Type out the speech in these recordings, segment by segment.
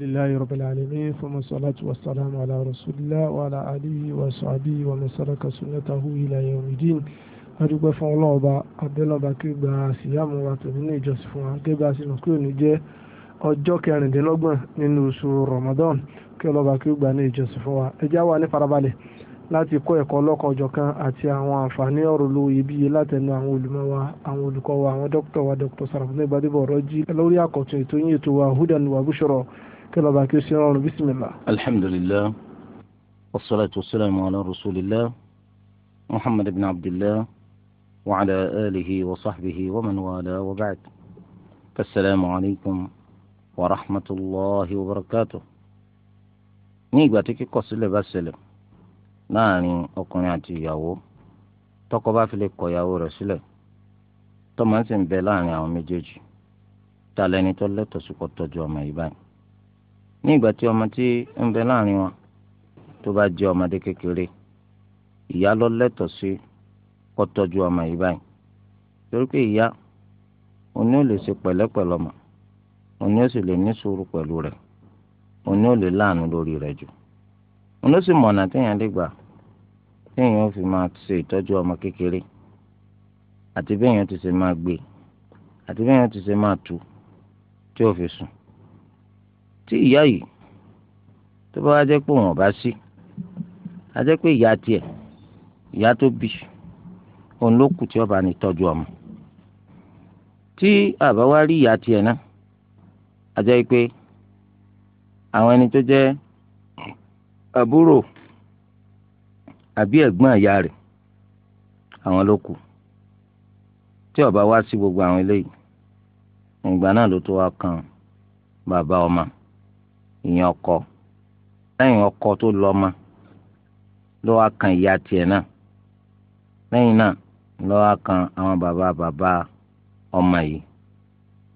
لله رب العالمين ثم الصلاة والسلام على رسول الله وعلى آله وصحبه ومن سلك سنته إلى يوم الدين adúpẹ́ fún ọlọ́ọ̀ba adélọ́ba kí gba síyàmù wa tòun ní ìjọsìn fún wa kí gba sínú kí òní jẹ́ ọjọ́ kẹrìndínlọ́gbọ̀n nínú oṣù Ramadan kí ọlọ́ba kí gba ní ìjọsìn fún wa ẹjá wa ní farabalẹ̀ láti kọ́ ẹ̀kọ́ ọlọ́kọ̀ọ́jọ̀ kan àti àwọn àǹfààní ọ̀rọ̀ ló iyebíye látẹnu àwọn olùmọ̀ wa àwọn olùkọ́ wa àwọn dókítà wa dókítà Sarafuna كلا بسم الله الحمد لله والصلاة والسلام على رسول الله محمد بن عبد الله وعلى آله وصحبه ومن والاه وبعد فالسلام عليكم ورحمة الله وبركاته نيجاتك قصلة بسلم ناني أقنعتي ياو تقبع في لك ياو رسلة تمانسن بلاني أو مجيج تاليني تولي تسوكو تجوى ما ní ìgbà tí ọmọ tí ń bẹ láàrin wọn tó bá jẹ́ ọmọdé kékeré ìyá ló lẹ́tọ̀ọ́ sí kó tọ́jú ọmọ yìí báyìí torí pé ìyá òní ò lè ṣe pẹ̀lẹ́pẹ̀lẹ́ ọmọ òní ò sì lè ní sùúrù pẹ̀lú rẹ̀ òní ò lè láàánú lórí rẹ̀ jù òní ó sì mọ̀nà téèyàn lè gbà téèyàn ó fi máa ṣe ìtọ́jú ọmọ kékeré àti béèyàn ti ṣe máa gbé àti béèyàn ti ṣe máa tu tí ó fi sùn tí ìyá yìí tó bá wá jẹ́ pé òun ọ̀bá sí a jẹ́ pé ìyá tiẹ̀ ìyá tó bí òun ló kù tí ọba ní tọ́jú ọmọ tí àbá wá rí ìyá tiẹ̀ náà a jẹ́ pé àwọn ẹni tó jẹ́ àbúrò àbí ẹ̀gbọ́n ìyá rẹ̀ àwọn ló kù tí ọba wá sí gbogbo àwọn eléyìí ìgbà náà ló tó wá kan bàbá ọmọ ìyẹn ọkọ lẹ́yìn ọkọ tó lọ́mọ ló wá kan ìyá tiẹ̀ náà àwọn bàbá bàbá ọmọ yìí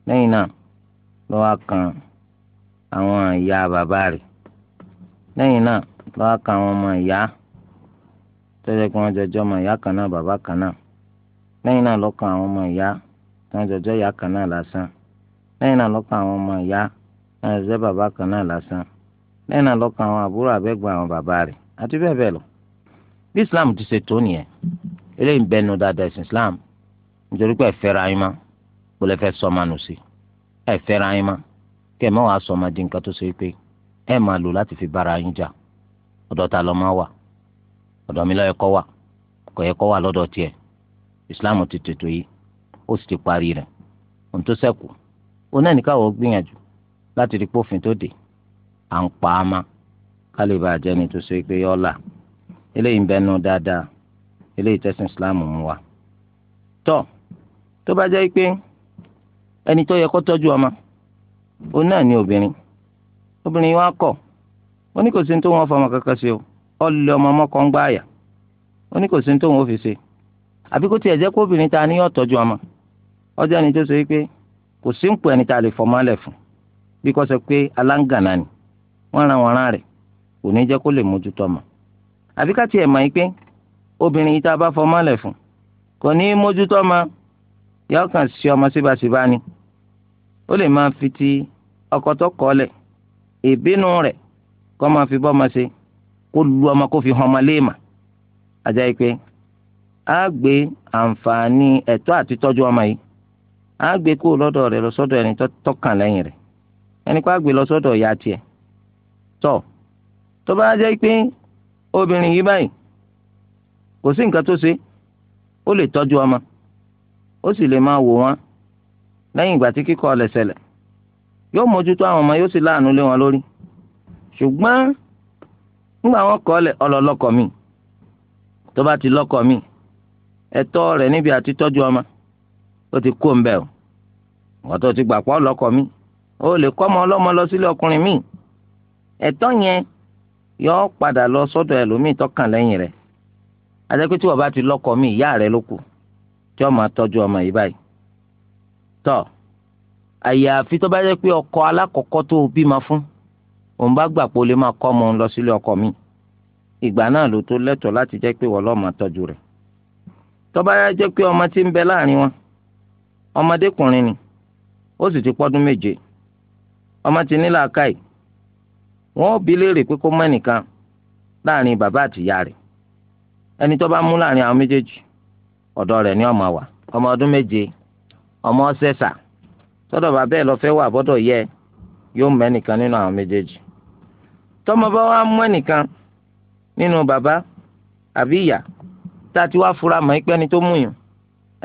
lẹ́yìn náà ló kan àwọn ìyá bàbá rẹ̀ náà ló àwọn ọmọ ìyá tọ́jú pé wọ́n jọjọ́ ọmọ ìyá kan náà bàbá kan náà àwọn ọmọ ìyá tí wọ́n ìyá kan náà lásán lẹ́yìn náà ló kan àwọn ọmọ ìyá ẹ̀ẹ́dẹ́ bàbá kan náà lásán lẹ́yìn náà lọ́kàn àwọn àbúrò àbẹ́gbọ̀n àwọn bàbá rẹ̀ àti lọ. bí islam ti ṣe tó nìyẹn eléyìí bẹnu dáadáa islam nítorí pé ẹ̀fẹ́ra yín má kò lè fẹ́ sọmọ nù sí fi bára yín jà ọdọ ta lọ wà ọdọ mi wà yẹ wà islam ti tètò yìí ó sì ti parí ohun tó ó náà láti rí pófin tó dé à ń pa á má ká lè bá àjẹni tó ṣe pé yọ là eléyìí ń bẹ nu dáadáa eléyìí tẹ̀sìn islam mú wa. tọ́ tó bá jẹ́ pé ẹni tó yẹ kó tọ́jú ọmọ òun náà ni obìnrin obìnrin wa kọ̀ ó ní kò sí ní tó wọn fọmọ kankan ṣe o ọ lé ọmọ ọmọ kan gbá àyà ó ní kò sí ní tó wọn fi ṣe àbí kó tiẹ̀ jẹ́ kó obìnrin ta ni yóò tọ́jú ọmọ ọjọ́ ni tó ṣe pé kò sí ń pò ẹni ta lè fọmọ alẹ̀ fún un bí kò sọ pé aláǹgànà ni wọ́n ran wọn rán rẹ̀ kò ní jẹ́ kó lè mójútó ọmọ àbí ká tiẹ̀ mọ̀ yín pé obìnrin yìí tá a bá fọmọ lẹ̀ fún kò ní mójútó ọmọ yóò kàn sí ọmọ síbáṣíbá ni fi ti ọkọ tó lẹ̀ ìbínú fi bọ́ ọmọ kó lu ọmọ kó fi hàn ọmọ léèmà ajá yìí pé á gbé àǹfààní ẹ̀tọ́ àti tọ́jú ọmọ yìí á gbé lọ́dọ̀ rẹ̀ lọ sọ́dọ̀ ẹni ẹni pa gbé lọ sọ́dọ̀ ìyá tiẹ̀ tọ̀ tó bá jẹ́ pé obìnrin yìí báyìí kò sí nǹkan tó ṣe ó lè tọ́jú ọmọ ó sì lè máa wò wọ́n lẹ́yìn ìgbà tí kíkọ́ ọ̀lẹ̀ ṣẹlẹ̀ yóò mójútó àwọn ọmọ yóò sì láàánú lé wọn lórí ṣùgbọ́n nígbà wọn kọ́ ọlọ́lọ́kọ mi tó bá ti lọ́kọ mi ẹ̀tọ́ rẹ̀ níbi àti tọ́jú ọmọ ó ti kó ń bẹ̀ ọ́ wọ́n ti gbà pọ́ mi o lè kọ́ ọmọ ọlọ́mọ lọ sílé ọkùnrin míì ẹ̀tọ́ yẹn yóò padà lọ sọ́dọ̀ ẹlòmíì tọ́kàn lẹ́yìn rẹ̀ àtẹ́pẹ́ tí wọ́n bá ti lọ́kọ mi ìyá rẹ̀ ló kù tí ọmọ yìí báyìí tọ́ àyàfi tó bá jẹ́ pé ọkọ alákọ̀ọ́kọ́ tó bímọ fún òun bá gbà kọ́ ọmọ lọ sílé mi ìgbà náà ló tó lẹ́tọ̀ọ́ láti jẹ́ pé wọ́n ọmọ ti ní làákàyè wọn ò bi léèrè pé kó mọ ẹnìkan láàrin bàbá àtìyá rẹ̀ ẹni tó bá mú láàrin àwọn méjèèjì ọ̀dọ̀ rẹ̀ ni ọmọ wà ọmọ ọdún méje ọmọ ọsẹsà tọ̀dọ̀ bàbá ẹ lọ fẹ́ wà bọdọ yẹ yóò mọ ẹnìkan nínú àwọn méjèèjì tọmọ bá wà mú ẹnìkan nínú bàbá àbí ìyá tá a ti wá fura mọ́ ipẹ́ ẹni tó mú yàn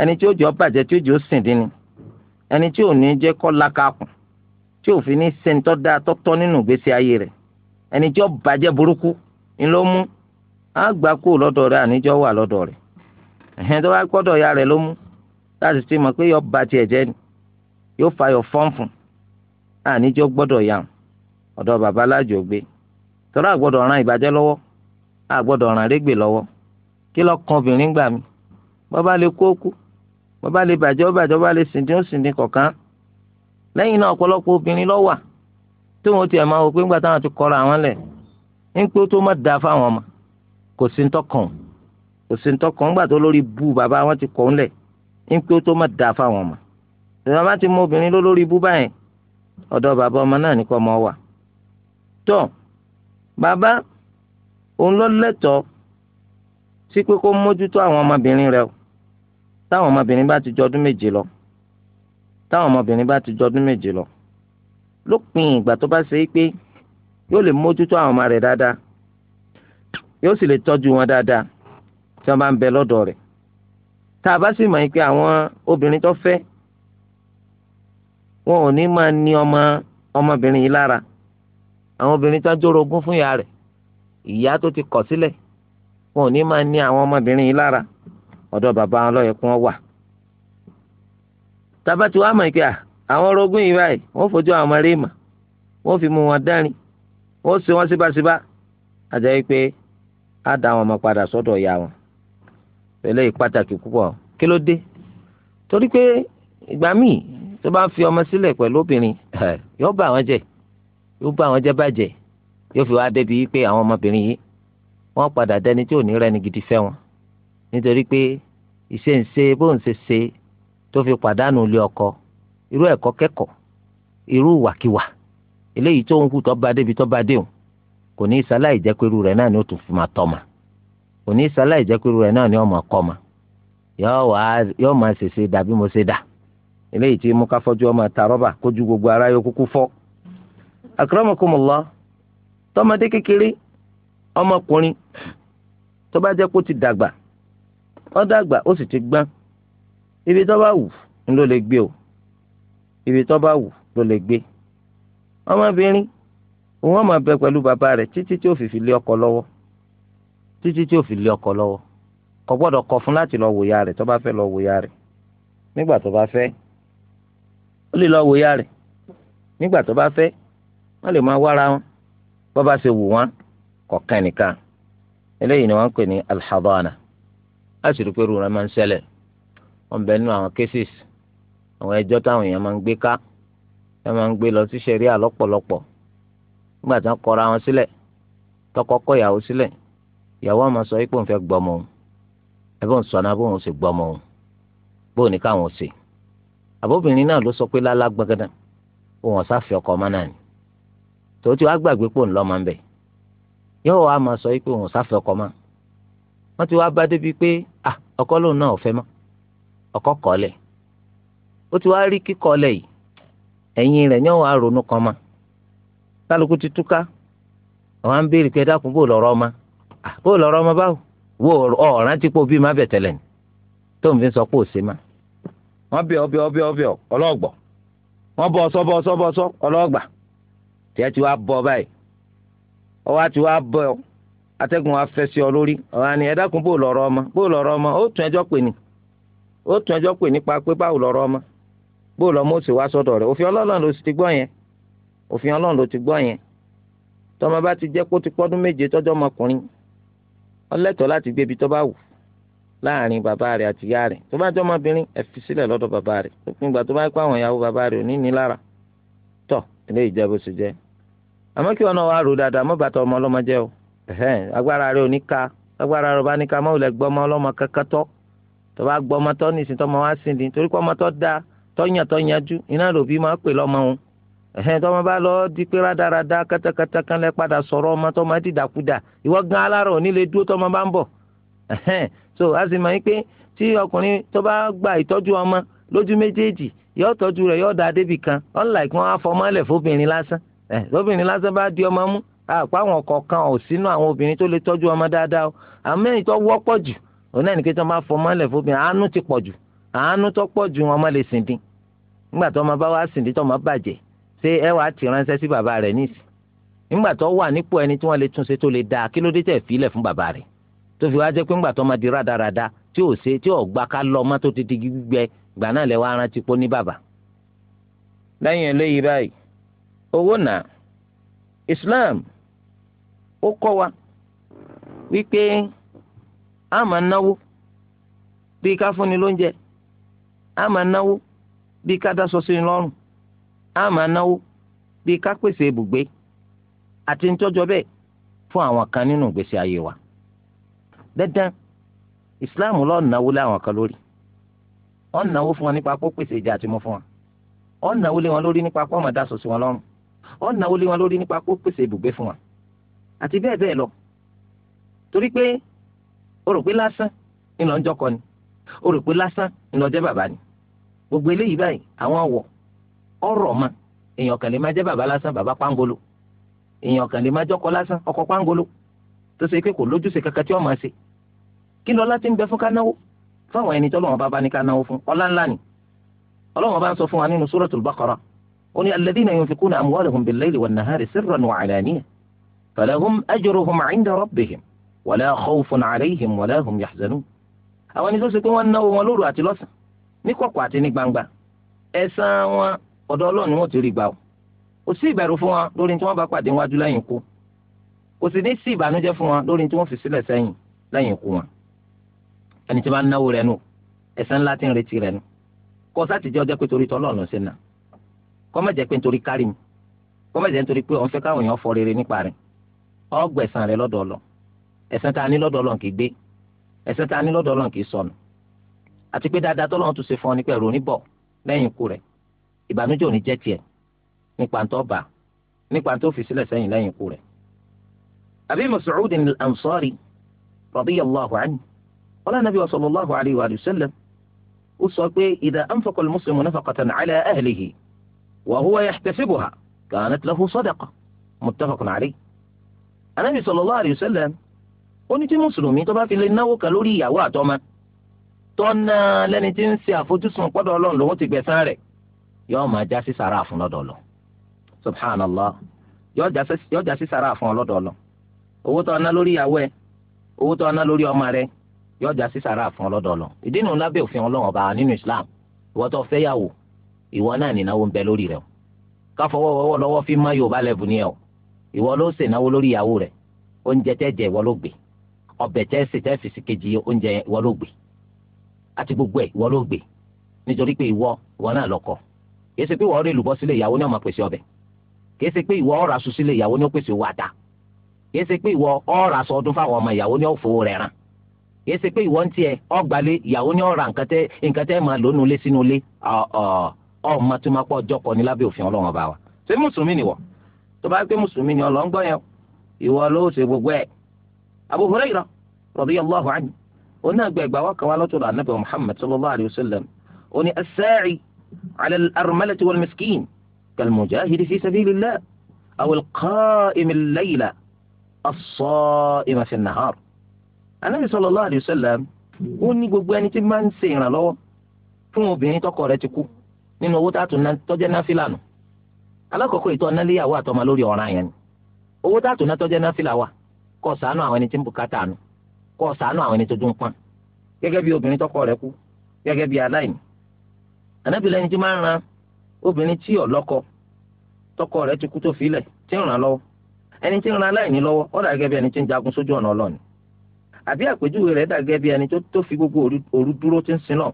ẹni tí ó jọ bàjẹ́ tí ó jọ sìn dín ni ẹni tí ò ní jẹ́ kọ́ lákàkùn tí òfin ní sẹ́ńtọ́ da tọ́tọ́ nínú ìgbésí ayé rẹ̀ ẹni tí ó bàjẹ́ burúkú ni ló mú á gbà kú lọ́dọ̀ rẹ̀ àníjọ́ wà lọ́dọ̀ rẹ̀ ẹ̀hẹ́n tó bá gbọ́dọ̀ ya rẹ̀ ló mú láti ti mọ̀ pé yọ ba tiẹ̀ jẹ́ ni yóò fa yọ fọ́nfùn àníjọ́ gbọ́dọ̀ ya hàn ọ̀dọ̀ bàbá alájò gbé tọ́lá àgbọ̀dọ̀ ran ìbàjẹ́ lọ́wọ́ àgbọ̀dọ̀ ran régbè lọ́wọ́ kí lọ kan obìnrin gbà mí bọ́ bá lè kó kú bọ́ bá lè bàjẹ́ bàjẹ́ bá lè sìndín ó sìndín kọ̀ọ̀kan lẹ́yìn náà ọ̀pọ̀lọpọ̀ obìnrin ló wà tí wọ́n ti ẹ̀ máa wò pé ńgbà táwọn ti kọ́ra àwọn lẹ̀ ń pé ó tó má da fáwọn ọmọ kò sí ntọ́kàn kò sí ntọ́kàn ńgbà tó lórí bú bàbá wọn ti kọ́ ńlẹ̀ ń pé ó tó má da fáwọn ọmọ ìjọba bá ti mú obìnrin ló lórí bú báyẹn ọ̀dọ̀ bàbá ọmọ náà ní kọ́ ọmọ wà tó bàbá òun ló lẹ́tọ̀ọ́ sí pé kó mójútó àwọn ọmọbìnrin rẹ̀ táwọn ọmọbìnrin bá ti jọ ọdún méje lọ táwọn ọmọbìnrin bá ti jọdún méje lọ lópin ìgbà tó bá ṣe é pé yóò lè mójútó àwọn ọmọ rẹ̀ dáadáa yóò sì lè tọ́jú wọn dáadáa tí wọ́n bá ń bẹ lọ́dọ̀ rẹ̀ tá a bá sì mọ̀ pé àwọn obìnrin tó fẹ́ wọn ò ní máa ní ọmọ ọmọbìnrin yìí lára àwọn obìnrin tó jórogún fún ìyá rẹ̀ ìyá tó ti kọ̀ sílẹ̀ wọn ò ní máa ní àwọn ọmọbìnrin yìí lára ọ̀dọ̀ bàbá wọn ló wà tàbá tí wàá mọ̀ ìpè àwọn orogún yìí báyìí wọ́n fojú àwọn ọmọ rèémà wọ́n fi mú wọn dání wọ́n ṣe wọ́n síbáṣíbá àjẹ́ wípé á dá wọn ọmọ padà sọ́dọ̀ ìyá wọn eléyìí pàtàkì púpọ̀ kí ló dé torí pé ìgbà míì tó bá fi ọmọ sílẹ̀ pẹ̀lú obìnrin yóò bà wọ́n jẹ́ yóò bà wọ́n jẹ́ bàjẹ́ yóò fi wá débi pé àwọn ọmọbìnrin yìí wọ́n padà dẹni tí ò ní rẹ́ni gidi fẹ́ wọn nítorí pé ìṣe ń ṣe bó ń ṣe ṣe tó fi pàdánù ilé ọkọ irú ẹkọ kẹ́kọ̀ọ́ irú ìwàkiwà eléyìí tó ń kú tọ́ba débi tọ́ba déhùn kò ní sáláì jẹ́ pé irú rẹ̀ náà ni ó tún fi máa tọ́ ma kò ní sáláì jẹ́ pé irú rẹ̀ náà ni ó máa kọ́ ma yóò máa ṣèṣe dà bí mo ṣe dà eléyìí tí mú káfọ́jú ọmọ ta rọ́bà kójú gbogbo ara yóò kúkú fọ́. akramakumullah tọmọdé kékeré ọmọkùnrin tó bá ti dàgbà ó dàgbà ó sì ti gbọ́n ibi tó bá wù ló lè gbé o ibi tó bá wù ló lè gbé ọmọbìnrin òun ọmọ bẹ pẹ̀lú bàbá rẹ̀ títí tí ó fi fi lé ọkọ lọ́wọ́ títí tí ó fi lé ọkọ lọ́wọ́ kò gbọ́dọ̀ kọ̀ fún láti lọ wòyà rẹ̀ tó bá fẹ́ lọ wòyà rẹ̀ nígbà tó bá fẹ́ ó lè lọ wòyà rẹ̀ nígbà tó bá fẹ́ wọ́n lè máa wára wọn bó bá ṣe wù wọ́n kọ̀ọ̀kan nìkan eléyìí ni wọ́n ń pè ní alḥadana láti rí i pé rúra máa ń ṣẹlẹ̀ wọn bẹ nínú àwọn cases àwọn ẹjọ́ táwọn èèyàn máa ń gbé ká ẹ máa ń gbé lọ sí ṣẹ̀ríà lọ́pọ̀lọpọ̀ nígbà tí wọ́n kọra wọn sílẹ̀ tọkọ kọ ìyàwó sílẹ̀ ìyàwó àmọ́ sọ pé òun fẹ́ gbọ́mọ òun ẹ̀bùn sọ̀nà bóun sì gbọ́mọ òun bóun ní káwọn ṣe àbóbìnrin náà ló sọ pé lálá gbọ́gádà òun ọ̀sá fi ọkọ ọmọ náà ni tòótì wàá gbàgbé pò ń lọ́ máa ń bẹ̀ yóò wá máa sọ pé òun ọ̀sá fi ọkọ ọmọ wọ́n ti wá bá débi pé ọkọ lòun náà ò fẹ́ ọkọ o ó ti wá rí kíkọ́lẹ̀ yìí ẹ̀yìn rẹ̀ ní ọ̀wá ronú kan ma kálukú ti túká àwọn à ń béèrè pé dákun bó lọ́rọ́ ọmọ bó wo bí má ni tó n fi sọ pé ma ọsọ ọsọ ọsọ tí ẹ ti wá báyìí àti wá wa ọ lórí ẹ dákun ó tún ẹjọ́ pè nípa pé báwo lọ́rọ̀ ọmọ bó lọ́mọ ó sì wá sọ́dọ̀ rẹ̀ òfin ọlọ́run ló ti gbọ́ yẹn òfin ọlọ́run ló ti gbọ́ yẹn tọmọ bá ti jẹ́ kó ti pọ́dún méje tọ́jọ́ ọmọkùnrin ọlẹ́tọ̀ọ́ láti gbé ibi tó bá wù láàrin bàbá rẹ̀ àti ìyá rẹ̀ tó bá jẹ́ ọmọbìnrin ẹ fi sílẹ̀ lọ́dọ̀ bàbá rẹ̀ lópin ìgbà tó bá pa àwọn ìyàwó bàbá rẹ̀ ò ní ní lára tọ̀ ilé ìjẹ́bù sì jẹ́ àmọ́ kí wọn náà rò dáadáa mọ́ bàtà ọmọ ọlọ́mọ jẹ́ o agbára rẹ̀ ò ní agbára rẹ̀ ò ní ka mọ́ òlẹ̀ ọmọ ọlọ́mọ kankan tọ́ tó bá gbọ́ ọmọ tó nìsín tó máa wá sí ni torí pé ọmọ tó da tọ́yàn tó yanjú iná lòbí máa pè lọ́mọ òun ẹ̀hẹ́n tó máa bá lọ di pé rádaràda kẹ́tẹ́kẹ́tẹ́ kan lẹ́ padà sọ̀rọ̀ ọmọ tó máa dìdàkudà ìwọ gan alára ò dúró tó bá ń bọ̀ ẹ̀hẹ́n so a sì mọ̀ yín pé tí ọkùnrin tó bá gba ìtọ́jú ọmọ lójú méjèèjì yóò tọ́jú rẹ̀ yóò da débì kan unlike wọn á fọmọ́lẹ̀ fóbìnrin lásán ẹ̀ lóbìnrin lásán bá di ọmọ mú àpá àwọn kọ̀ọ̀kan ò sínú àwọn obìnrin tó lè tọ́jú ọmọ dáadáa o àmọ́ èyí tó jù òun náà ní pé tí fọ bá fọmọ lẹ̀ àánú ti pọ̀ jù àánú tó pọ̀ jù wọn má lè sìn dín nígbà tó ọmọ bá wá sìn dín tó ọmọ bàjẹ́ ṣé ẹ wàá ti ránṣẹ́ sí bàbá rẹ̀ níìsì nígbà tó wà nípò ẹni tí wọ́n lè túnṣe tó lè dáa kí ló dé tẹ̀ fílẹ̀ fún bàbá rẹ̀ tó fi wá jẹ́ pé nígbà tó ọmọ di rádaràda tí ò ṣe lọ ọmọ tó ti di gbígbẹ gbà náà lẹ Islam wípé ama máa náwó bíi ká fúnni lóúnjẹ a máa náwó bíi ká dáṣọ sí ni lọ́rùn a máa náwó pèsè ibùgbé àti ntọ́jọ bẹ́ẹ̀ fún àwọn kan nínú gbèsè ayé wa dandan ìsìláàmù ló náwó lé àwọn kan lórí ó náwó fún wọn nípa kó pèsè ìjà àti mú fún wọn ó náwó lé wọn lórí nípa kó ọmọ dáṣọ wọn lọ́rùn ó náwó lé wọn lórí nípa kó pèsè ibùgbé fún wọn àti bẹ́ẹ̀ bẹ́ẹ̀ lọ torí pé o rò pé lásán ni lọ́n jọkọ ni o rò pé lásán ni lọ́n jẹ́ bàbá ni gbogbo eléyìí báyìí àwọn ọ̀wọ̀ ọ̀rọ̀ ma èèyàn kàn lè má jẹ́ bàbá lásán bàbá pangolo èèyàn kàn lè má jọkọ lásán ọkọ pangolo tó ṣe pé kò lójúṣe kankan tí wọ́n máa ṣe kí lọ láti ń bẹ fún kánáwó fáwọn ẹni tí ọlọ́wọ́n bá bá ní kánáwó fún ọlá ńlá ni ọlọ́wọ́n bá ń sọ fún wa nínú suratul baqara ó ní alladhina yunfiquna amwalahum bil-layli wan-nahari sirran wa 'alaniyatan falahum ajruhum 'inda rabbihim wala khawfun alayhim wala hum yahzanun. àwọn ẹni tó ṣe pé wọ́n náwó wọn lóru àti lọ́sàn ní kọ̀kọ̀ àti ní gbangba ẹ̀san wọn ọ̀dọ̀ Ọlọ́run ni wọ́n ti rí gbà o kò sí ìbẹ̀rù fún wọn lórí tí wọ́n bá pàdé wájú lẹ́yìn ikú kò sì ní sí ìbànújẹ́ fún wọn lórí tí wọ́n fi sílẹ̀ sẹ́yìn lẹ́yìn ikú wọn ẹni tí wọ́n náwó rẹ̀ nù ẹ̀san ńlá ẹ̀san tá a ní lọ́dọ̀ Ọlọ́run kì í gbé ẹ̀san tá a ní lọ́dọ̀ Ọlọ́run kì í sọnù àti pé dáadáa tọ́lọ́run tún ṣe fún ọ ní pẹ̀lú oníbọ̀ lẹ́yìn ikú rẹ̀ ìbànújẹ́ ò ní jẹ́ tiẹ̀ nípa tó bá nípa tó fi sílẹ̀ sẹ́yìn lẹ́yìn ikú rẹ̀. Abi Mas'ud al-Ansari radiyallahu anhu wala nabi wa sallallahu alayhi wa sallam ó sọ pé idha anfaqa al-muslimu nafaqatan ala ahlihi wa huwa yahtasibuha kanat lahu ó ní tí mùsùlùmí tó bá fi lè náwó kan lórí ìyàwó àtọmọ tọ́nà lẹ́ni tí ń ṣe àfojúsùn pọ́dọ̀ ọlọ́run lòun ti gbẹ̀san rẹ̀ yóò máa já sí sàrà fún lọ́dọ̀ lọ subhanallah yóò já sí sàrà fún ọlọ́dọ̀ lọ owó tó ọ̀nà lórí ìyàwó ẹ owó tó ọ̀nà lórí ọmọ rẹ yóò já sí sàrà fún ọlọ́dọ̀ ìdí nu lábẹ́ òfin ọlọ́run ọba nínú islam ìwọ tó fẹ́ yàwó ìwọ náà nínáwó ń bẹ lórí rẹ o káfọwọ́wọ́wọ́ lọ́wọ́ fi má yorùbá lẹ́bù ni ẹ o ìwọ ló ṣènáwó lórí ìyàwó rẹ oúnjẹ tẹ́jẹ ìwọ ló gbé ọbẹ̀ tẹ́ ṣe tẹ́ fi sí kejì oúnjẹ ìwọ ló gbé àti gbogbo ẹ̀ ìwọ ló gbé nítorí pé ìwọ ìwọ náà lọ́kọ kìí ṣe pé ìwọ rẹ lùbọ́ sílé ìyàwó náà máa pèsè ọbẹ̀ kìí ṣe pé ìwọ ọ̀rọ̀ aṣọ sílé ìyàwó náà pèsè owó ata kìí ṣe pé ìwọ ọ̀rọ̀ aṣọ ọdún fáwọn ọmọ ìyàwó náà fowó rẹ̀ ràn kìí ṣe pé ìwọ ń tiẹ̀ ọgbàlẹ̀ ìyàwó náà ra nǹkan tẹ́ wa ṣé mùsùlùmí ni wọ tó bá gbé Abu Hurairah radiyallahu anhu oní àgbà ẹgbà wa kan wá lọ́tọ̀ọ̀dọ̀ anabi Muhammad sallallahu alayhi wa sallam oní as-sa'i ala al-armalati wal miskin kal-mujahidi fi sabilillah aw al-qa'imi al-layla as-sa'imi fi an-nahar anabi sallallahu alayhi wa sallam ó ní gbogbo ẹni tí máa ń ṣe ìrànlọ́wọ́ fún obìnrin tọkọ rẹ̀ ti kú nínú owó tààtù tọ́jẹ́ náà fìlànà alákọ̀ọ́kọ́ ìtọ́ náà léyàwó àtọmọ lórí ọ̀ràn yẹn owó tààtù náà tọ́jẹ́ náà fìlà wà kó ṣàánú àwọn ẹni tí ń bùkátà nù kó ṣàánú àwọn ẹni tó dún pọ́n gẹ́gẹ́ bí obìnrin tọkọ rẹ̀ kú gẹ́gẹ́ bí aláìní ànábì lẹni tí máa ń ran obìnrin tí ò lọ́kọ tọkọ rẹ̀ ti kú tó filẹ̀ tí ń ràn lọ́wọ́ ẹni tí ń ran aláìní lọ́wọ́ ó dà gẹ́gẹ́ bí ẹni tí ń jagun sójú ọ̀nà ọlọ́ni àbí àpèjúwe rẹ̀ dà gẹ́gẹ́ bí ẹni tó fi gbogbo òru dúró tí ń sin náà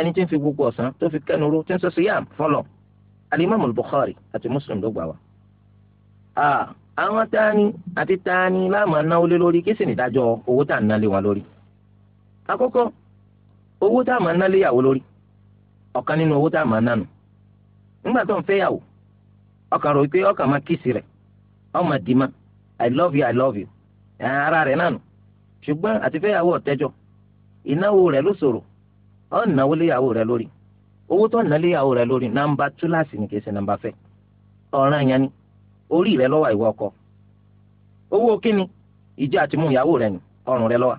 ẹni tí ń fi gbogbo ọ̀sán tó fi kẹ́nuró tí ń sọ sí yàm fọlọ̀ alimami Bukhari àti Muslim ló gbà wá ah, àwọn tani àti tani láàmú anáwó lé lórí kí sì ní ìdájọ́ owó tá à ń nálé wọn lórí. àkọ́kọ́ owó tá à máa ń nálé yàwó lórí ọ̀kan nínú owó tá à máa nánu nígbà tó ń fẹ́ yàwó ọkàn i love you i love you ẹ̀ ara rẹ̀ nánu ṣùgbọ́n àti fẹ́ yàwó ọ̀tẹ́jọ́ ìnáwó rẹ̀ ló ṣòro náwó lé yàwó rẹ̀ lórí owó tó ń lórí nàmbà túláàsì ṣe nàmbà orí rẹ lọ́wọ́ ìwọ ọkọ owó kíni ìjẹ́ àtìmú ìyàwó rẹ ni ọrùn rẹ lọ́wọ́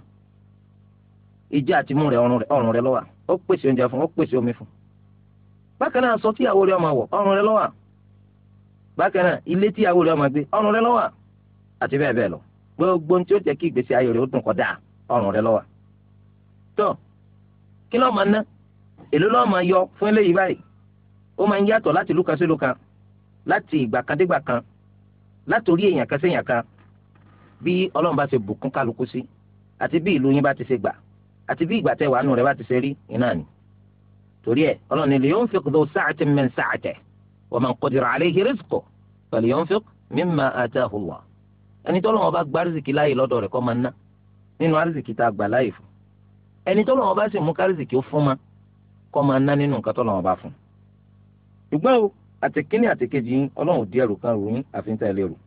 ìjẹ́ àtìmú rẹ ọrùn rẹ lọ́wọ́ ó pèsè oúnjẹ fún ó pèsè omi fún bákan náà aṣọ tíyàwó rẹ ọmọ wọ̀ ọrùn rẹ lọ́wọ́ bákan náà ilé tíyàwó rẹ ọmọ gbé ọrùn rẹ lọ́wọ́ àti bẹ́ẹ̀ bẹ́ẹ̀ lọ gbogbo tí ó jẹ́ kí ìgbésí ayé rẹ ó dùn kódà ọrùn rẹ lọ́wọ́ tó kí lọ́ọ́ máa ná èló lọ́ọ́ máa yọ fún eléyìí báyìí ó máa ń yàtọ̀ láti lúkan láti ìgbà kan dégbà kan látòrí èèyàn kan séèyàn kan bí ọlọ́run bá ṣe bùkún kálukú sí àti bí ìlú yín bá ti ṣe gbà àti bí ìgbà tẹ wàá nù rẹ bá ti ṣe rí iná ni torí ẹ ọlọ́run ni liyunfiq dhu sa'atin min sa'atihi wa man qudira alayhi rizquhu falyunfiq mimma atahu Allah ẹni tọ́lọ́run bá gba rìsìkì láàyè lọ́dọ̀ rẹ̀ kó máa ná nínú rìsìkì tá a gbà láàyè fún ẹni tọ́lọ́run bá sì mú ká ó fún ma kó máa ná nínú nǹkan tọ́lọ́run bá fún ṣùgbọ́n o àtẹ̀kíní àtẹ̀kejì yín ọlọ́run di ẹrù kan rò yín àfihàn tẹ̀lé rò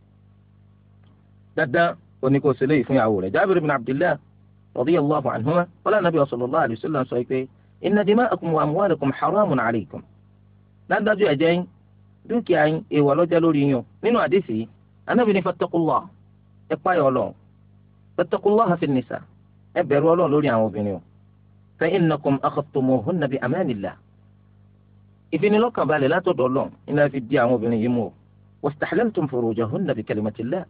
dandan oní kò sílẹ̀ ìfún ìyàwó rẹ̀ Jabir bin Abdullah radiyallahu anhuma qala nabi sallallahu alayhi wa sallam sọ pé inna dima'akum wa amwalakum haramun alaykum dájú ẹ̀jẹ̀ yín dúkìá yín èèwọ̀ lọ́jọ́ lórí yín nínú àdìsí anábì ní fattaqullah ẹ páyọ̀ ọlọ́run fattaqullah fi nisa ẹ bẹ̀rù lórí àwọn obìnrin o fa innakum akhadtumuhunna bi amanillah ìfinilọ́kànbalẹ̀ látọ̀dọ̀ ọlọ́run iná fi di àwọn obìnrin yìí mú o wastahlaltum furujahunna bi kalimatillah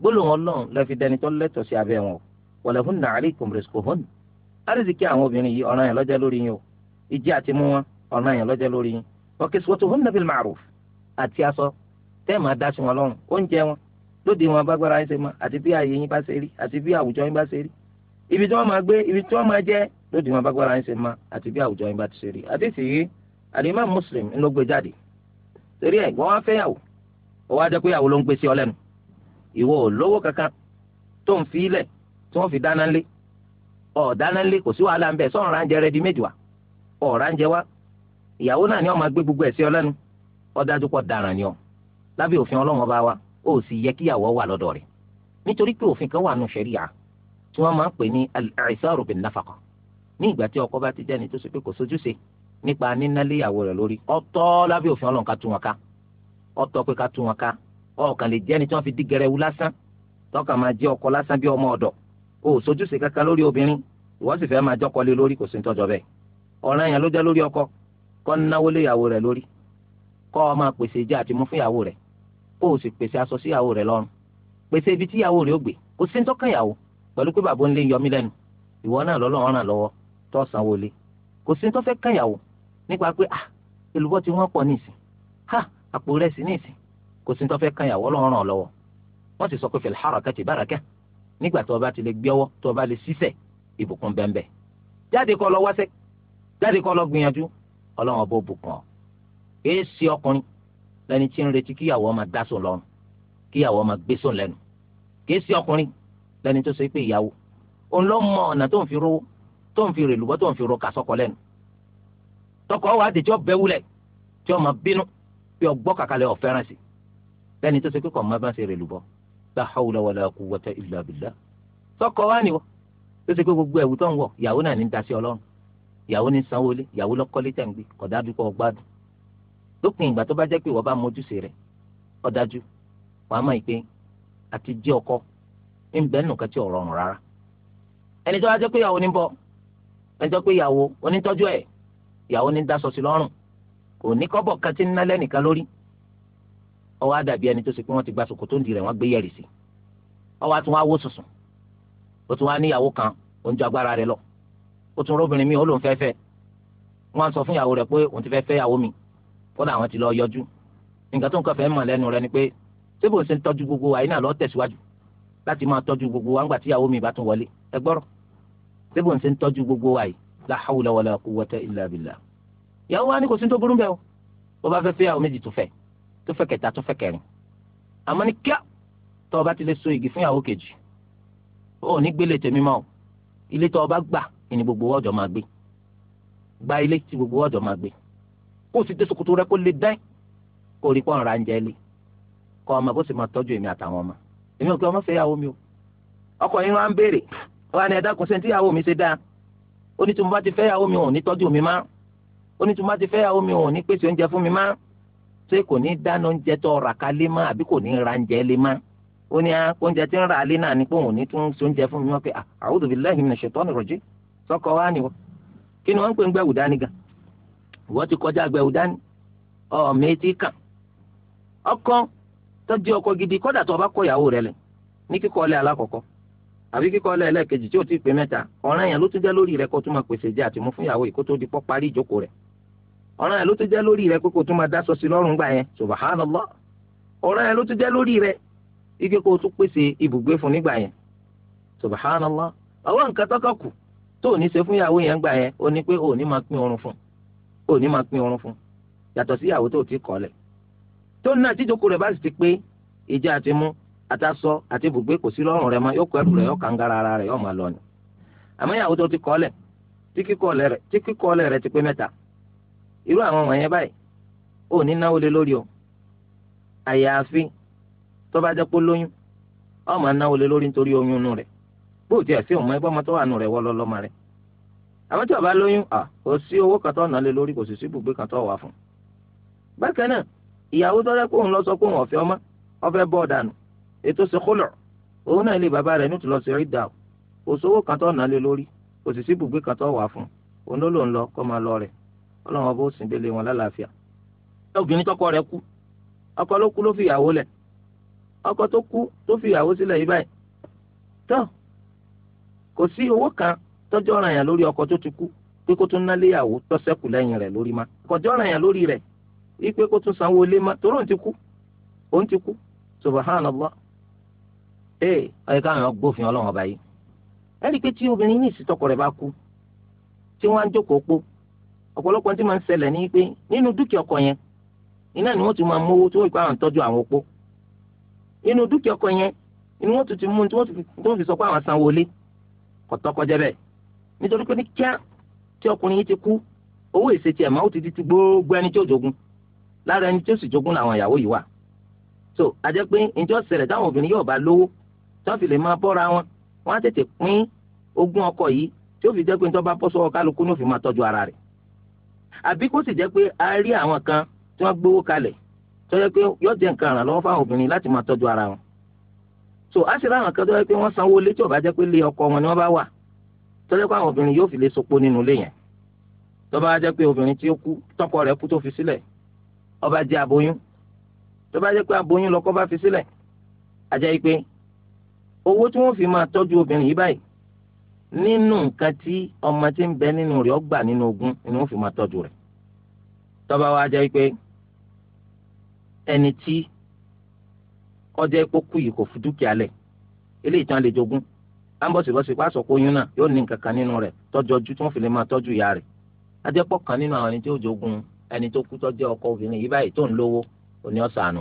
gbólóhùn ọlọ́run lẹ́fi dẹni tó lẹ́tọ̀ sí abẹ́ wọn o walahunna alaykum rizquhunna àrísìkí àwọn obìnrin yìí ọ̀ranyàn ló jẹ́ lórí yín o ìjẹ́ àti mú wọn ọ̀ranyàn ló jẹ́ lórí yín wa kiswatuhunna bil ma'ruf àti aṣọ tẹ́ẹ̀ máa dá sí wọn lọ́rùn oúnjẹ wọn lóde wọn wọ́n máa gbé ibi tí wọ́n máa àti àdìmọ́ muslim ló gbé jáde torí ẹ̀ wọ́n wá fẹ́yàwó ó wá jẹ́ pé ìyàwó ló ń gbé sí ọ lẹ́nu ìwọ ò lówó kankan tó ń fi ilẹ̀ tí wọ́n fi dáná lé ọ̀ dáná lé kò sí wàhálà ń bẹ̀ sọ̀rọ̀ ránjẹ rẹ di méjì wá ọ̀ ránjẹ wá ìyàwó náà ni ó máa gbé gbogbo ẹ̀ sí ọ lẹ́nu ó dájú pọ̀ dáràn ni ọ lábẹ́ òfin ọlọ́run bá wa ó sì yẹ kíyàwó wà lọ́dọ̀ rẹ̀ nítorí pé òfin kan wà nù ṣẹ̀ríà tí wọ́n máa ń pè ní al-i'saru bin nafaqa ní ìgbà tí ọkọ bá ti jẹ́ni tó ṣe pé kò sojúṣe nípa nínálé ìyàwó rẹ̀ lórí ọ̀tọ̀ lábẹ́ òfin Ọlọ́run ká tú wọn ká ọ̀tọ̀ pé ká tú wọn ká ọkàn lè jẹ́ni tí wọ́n fi dí gẹrẹwu lásán tọ́ka máa jẹ́ ọkọ lásán bí ọmọ ọ̀dọ̀ o ò sojúṣe kankan lórí obìnrin ìwọ sì fẹ́ máa jọ́kọ lé lórí kò sí nítọ́jọ́ bẹ́ẹ̀ ọ̀ràn yẹn ló jẹ́ lórí ọkọ kọ́ náwó lé ìyàwó rẹ̀ lórí kọ́ ọ máa pèsè ìjà àti mú fún ìyàwó rẹ̀ o sì pèsè aṣọ sí ìyàwó rẹ̀ lọ́rùn pèsè ibi tí ìyàwó rẹ̀ ó gbé kò sí nítọ́ka ìyàwó pẹ̀lú pé bàbá ń yọmí lẹ́nu ìwọ náà lọ́lọ́run ràn lọ́wọ́ tó sanwó lé kò sí nítọ́fẹ́ kan ìyàwó nípa pé ah èlùbọ́ tí wọ́n pọ̀ nísìn ha àpò rẹ̀ sí nísìn kò sí tó fẹ́ kan ìyàwó lọ́rùn ọ̀ lọ́wọ́ wọ́n ti sọ pé fil harakati baraka nígbà tó o bá ti lè gbé ọwọ́ tó o bá lè ṣiṣẹ́ ìbùkún bẹ́ẹ̀ jáde kó lọ wáṣẹ́ jáde kó lọ gbìyànjú ọlọ́run ọba òbùkún ọ kìí ṣe ọkùnrin lẹni tí ń retí kíyàwó máa dáṣọ lọ́rùn kíyàwó máa gbéṣọ lẹ́nu kìí ṣe ọkùnrin lẹni tó ṣe pé ìyàwó òun ló mọ ọ̀nà tó ń fi rówó tó ń fi rèlùbọ́ tó ń fi ro kàṣọkọ lẹ́nu tọkọ wa àdèjọ bẹ wulẹ̀ tí ọmọ bínú tí ọgbọ kàkàlẹ ọfẹràn sí lẹni tó ṣe pé kọmọ bá ṣe rè lùbọ la hawla wala quwwata illa billah tọkọ wa ni wọ tó ṣe pé gbogbo ẹ̀wù tó ń wọ ìyàwó náà ní dasí Ọlọ́run ìyàwó ní sanwóolé ìyàwó lọkọlé tẹ̀ ń gbé kọ̀dájú kọ́ gbádùn lópin ìgbà tó bá jẹ́ pé wọ́n bá mójúṣe rẹ̀ ọ̀dájú wàá mọ̀ pé àti jẹ́ ọkọ ń nù kẹ́tì ọ̀rọ̀ rárá ẹni tó bá jẹ́ pé ìyàwó ní bọ́ ẹni tó pé ìyàwó onítọ́jú ẹ̀ ìyàwó ní dasọ sí lọ́rùn kò ní kọ́bọ̀ kan tí ń ná lẹ́nìkan lórí ọwọ́ àdàbí ẹni tó ṣe pé wọ́n ti gba sòkòtò ń di rẹ̀ wọ́n gbé yẹ̀rì sí ọwọ́ àtúnwá wó sùsùn ó tún wá níyàwó kan ó ń ju agbára rẹ̀ lọ ó tún róbìnrin mi ó lóun fẹ́ẹ́ fẹ́ wọ́n sọ fún ìyàwó rẹ̀ pé òun ti fẹ́ fẹ́ ìyàwó mi kódà àwọn ti lọ yọjú nǹkan tó ń kọfẹ́ mọ̀ lẹ́nu rẹ̀ ni pé ṣé bó ṣe tọ́jú gbogbo wa iná lọ tẹ̀síwájú láti máa tọ́jú gbogbo wa ńgbà tí ìyàwó mi bá tún wọlé ẹ gbọ́rọ̀ ṣé bó ṣe tọ́jú gbogbo wa la hawla wala quwwata illa billah ìyàwó wa ni kò sí tó burú bẹ́ẹ̀ o bó bá fẹ́ fẹ́ yàwó méjì tó fẹ́ tó fẹ́ kẹta tó fẹ́ kẹrin àmọ́ ní kíá tó o bá ti lè so igi fún ìyàwó kejì ó ní gbélé tèmi mọ́ o ilé tó o bá gbà ni gbogbo ọjọ́ máa gbé gba ilé tí gbogbo ọjọ́ máa gbé kó o sì dé ṣòkòtò rẹ kó lè dán kó o rí pọ́n ra ń jẹ́ lé kọ́ ọmọ kó sì máa tọ́jú èmi àtàwọn ọmọ èmi ò kí ọmọ fẹ́ yàwó mi o ọkọ yín wá ń béèrè wọn ni ẹ dákun ó ní tí mo bá ti fẹ́ yàwó mi wọn ò ní tọ́jú mi má ó ní tí mo bá ti fẹ́ yàwó mi wọn ò ní pèsè oúnjẹ fún mi má ṣé kò ní dáná oúnjẹ tó rà ká lé má àbí kò ní ra oúnjẹ lé má ó ní ah, oúnjẹ tí ń rà lé náà ni pé òun ní tún ṣe oúnjẹ fún mi má pé ah, a'udhu billahi minash shaitani rajim sọ́kọ wa ni wọ́n kí ni wọ́n ń pè ń gbẹ̀wù dání gan wọ́n ti kọjá gbẹ̀wù dání ọ̀ọ́mẹ́ ti kàn ọkọ tọ́jú ọkọ gidi kọ́dà tó o bá kọ ìyàwó rẹ lẹ̀ ní kíkọ́ ọlẹ́ alákọ̀ọ́kọ́ àbí kíkọ́ ẹlẹ́ẹ̀kejì tí ó ti pè mẹ́ta ọ̀ràn yẹn ló tún jẹ́ lórí rẹ kó tún máa pèsè jẹ àti fún ìyàwó yìí kó tó di pọ́ parí ìjókòó rẹ̀ ọ̀ràn yẹn ló tún jẹ́ lórí rẹ kó tún máa dáṣọ sí lọ́rùn gbà yẹn subhanallah ọ̀ràn yẹn ló tún jẹ́ lórí rẹ ike kó tún pèsè ibùgbé fún nígbà yẹn subhanallah àwọn nǹkan tọ́kọ̀ kù tó ò ní ṣe fún ìyàwó yẹn gbà yẹn ó ní pé òní máa pín oorun fún òní máa pín oorun fún yàtọ̀ sí ìyàwó àtàsọ àti ibùgbé kò sí lọ́rùn rẹ̀ mọ́ yóò kọ ẹrù rẹ yóò kàǹgàrà ara rẹ̀ yóò máa lọ ni. àmọ́ ìyàwó tó ti kọ́lẹ̀ tí kíkọ́lẹ̀ rẹ̀ ti pé mẹ́ta irú àwọn wọ̀nyẹn báyìí ò ní náwó lé lórí o àyàfi tó bá lori o. lóyún ọ̀ máa náwó lé lórí nítorí oyún inú rẹ̀ bó tiẹ̀ sí òun ẹgbẹ́ ọmọ tó wà nù rẹ̀ wọ́ lọ́lọ́mọ rẹ̀ ètò ṣe kólọ̀ òun náà lè bàbá rẹ̀ nítorí lọ sí ìdá kò sówó kan tó nà lé lórí kò sì sí ibùgbé kan tó wà fún òun ló lò ń lọ kó máa lọ rẹ̀ ọlọ́run ọba ó sì délé wọn lálàáfíà. obìnrin tọkọ rẹ̀ kú ọkọ ló kú ló fi ìyàwó lẹ̀ ọkọ tó kú tó fi ìyàwó sílẹ̀ yìí báyìí tó kò sí owó kan tọ́jú ọ̀ràn yẹn lórí ọkọ tó ti kú pé kó tún ná léyàwó tó ṣẹ́kù lẹ́yìn rẹ̀ lórí ma kọjọ́ ọ̀ràn yẹn lórí rẹ̀ wípé kó tún sanwó lé ma torí òun ti kú òun ti kú subhanallah ee ọyẹ káwọn gbófin Ọlọ́run ọba yìí ẹni pé tí obìnrin ní ìsìtọkọ rẹ̀ bá kú tí wọ́n á jókòó pọ̀ ọ̀pọ̀lọpọ̀ tí máa ń ṣẹlẹ̀ ní pé nínú dúkìá ọkọ yẹn iná ni wọ́n ti máa mówó tí wọ́n ìpá àwọn tọ́jú àwọn opó nínú dúkìá ọkọ yẹn ni wọ́n ti ti mú tí wọ́n fi sọ pé àwọn sanwó lé kọtọkọjẹ bẹ́ẹ̀ nítorí pé ní kíá tí ọkùnrin yìí ti kú owó èsè tiẹ̀ máa ó ti di ti gbogbo ẹni tí ó jogun lára ẹni tí ó sì jogun làwọn ìyàwó yìí wà so àjẹ́ pé ìjọ ṣẹlẹ̀ táwọn obìnrin yóò bá lówó tí wọ́n fi lè máa bọ́ra wọn wọ́n á tètè pín ogún ọkọ yìí tí ó fi jẹ́ pé nítorí bá bọ́ sọ́wọ́ kálukú ní òfin máa tọ́jú ara rẹ̀ àbí kó sì jẹ́ pé a rí àwọn kan tí wọ́n gbowó kalẹ̀ tó jẹ́ pé yóò jẹ́ nǹkan ìrànlọ́wọ́ fáwọn obìnrin láti máa tọ́jú ara wọn so a sì ráwọn kan tó jẹ́ pé wọ́n sanwó lé tí ò bá jẹ́ pé lé ọkọ wọn ni wọ́n bá wà tó jẹ́ pé àwọn obìnrin yóò fi lè sopo nínú ilé yẹn tó bá jẹ́ pé obìnrin tí ó kú tọkọ rẹ̀ kú tó fi sílẹ̀ ó jẹ́ aboyún tó bá jẹ́ pé aboyún lọkọ bá fi sílẹ̀ a jẹ́ pé owó tí wọn fi máa tọjú obìnrin yìí báyìí nínú nǹkan tí ọmọ tí ń bẹ nínú rẹ̀ ọgbà nínú ogun ni wọ́n fi máa tọ́jú rẹ̀ tọ́ba wa jẹ́ pé ẹni tí ọjọ́ epo kú yìí kò fi dúkìá lẹ̀ eléyìí tán lè jogún ambọ̀sibọ̀sì pàṣọ kó yún náà yóò ní nǹkan kan nínú rẹ̀ tọ́jọ́ tí wọ́n fi lè máa tọ́jú ìyá rẹ̀ ajẹ́pọ̀ kan nínú àwọn ẹni tí ó jogún ẹni tó kú tọjú ọkọ obìnrin yìí báyìí tó ń lówó òní ọ̀sán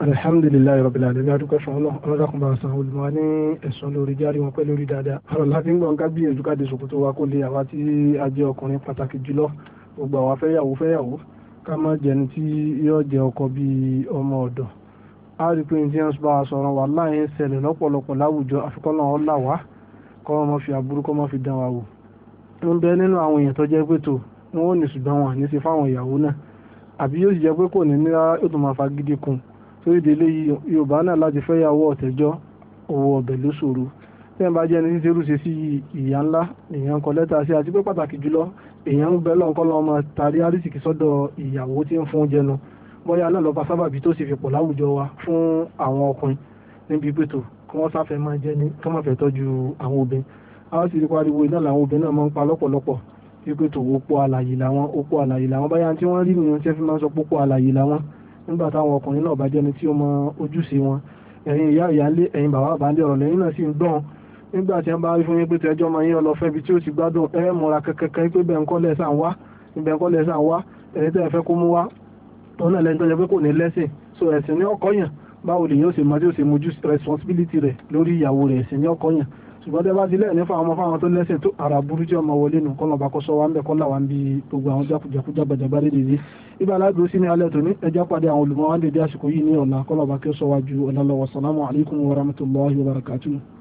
alhamdulilayi rabil alamin adúgbò fún ọlọ ọlọdàkùn bá san olùmọ ní ẹsùn lórí járe wọn pẹ lórí dáadáa ọ̀rọ̀ láti ká bí èzú káde ṣòkòtò wa kó lè àwa tí a jẹ ọkùnrin pàtàkì jùlọ gbogbo àwa fẹ́yàwó fẹ́yàwó ká má jẹni tí yóò jẹ ọkọ bíi ọmọ ọ̀dọ̀ a rí pé ní tí wọn bá wà láàyè ṣẹlẹ̀ lọ́pọ̀lọpọ̀ láwùjọ àfikọ́ náà ọlà wá ọmọ fi àbúrú kọ ọmọ fi dán wa wò ń bẹ nínú àwọn èèyàn tó jẹ pé tó wọn ò ní ṣùgbọ́n wọn àní ṣe fáwọn ìyàwó náà àbí torí délé yorùbá náà láti fẹ́ yàwó ọ̀tẹ̀jọ́ owó ọbẹ̀ ló ṣòro tẹ́yìn bá jẹ́ ẹni tí serú ṣe sí ìyá ńlá èèyàn kọ lẹ́tà sí àti pé pàtàkì jùlọ èèyàn ń bẹ lọ́nkọ́ lọ́ ọmọ tàrí àrísìkì sọ́dọ̀ ìyàwó tí ń fún oúnjẹ nu bóyá náà lọ́ba sábàbí tó sì fi pọ̀ láwùjọ wa fún àwọn ọkùnrin níbi pètò kí wọ́n sáfẹ́ máa jẹ́ ní kí wọ́n fẹ́ tọ́jú àwọn obìnrin àwọn sì rí pariwo iná làwọn obìnrin náà máa ń pa lọ́pọ̀lọpọ̀ pípètò òpó àlàyé làwọn òpó àlàyé làwọn báyà tí wọ́n rí nìyẹn tí wọ́n fi máa ń sọ pópó àlàyé làwọn nígbà táwọn ọkùnrin náà bá jẹ́ ẹni tí ó mọ ojúṣe wọn ẹ̀yin ìyá ìyálé ẹ̀yin bàbá àbálẹ̀ ọ̀rọ̀ lẹ́yìn náà sì ń gbọ́n nígbà tí wọ́n bá rí fún yín pé tẹ́jọ́ máa yín ọlọ́fẹ́ ibi tí ó ti gbádùn ẹ múra kẹ́kẹ́kẹ́ pé bẹ́ẹ̀ ń kọ́ lẹ́sà ń wá ibẹ̀ ń kọ́ lẹ́sà ń wá ẹni tẹ́ ẹ fẹ́ kó mú wá òun náà lẹ́ni tó yẹ pé kò ní lẹ́sìn so ẹ̀sìn ní ọkọ̀ yàn báwo lè yóò ṣe máa tí ó ṣe mojú responsibility rẹ̀ lórí ìyàwó rẹ̀ ẹ̀sìn ní ọkọ̀ yàn ṣùgbọ́n tẹ́ bá ti lẹ́ẹ̀ nífa ọmọ fáwọn tó lẹ́sẹ̀ tó ara burú jẹ́ ọmọ wọlé nù kọ́nà bàkọ́ sọ wa ń bẹ̀ kọ́nà wa ń bi gbogbo àwọn jákujàku jágbàjàgbà lè dèdè ibà aládùn sí ní alẹ́ tòní ẹja pàdé àwọn olùmọ̀ wa ń dèdè àsìkò yìí ní ọ̀la kọ́nà bàkẹ́ sọ wa ju ọ̀la lọ́wọ́ salamu alaykum wa rahmatulahi wa barakatuhu.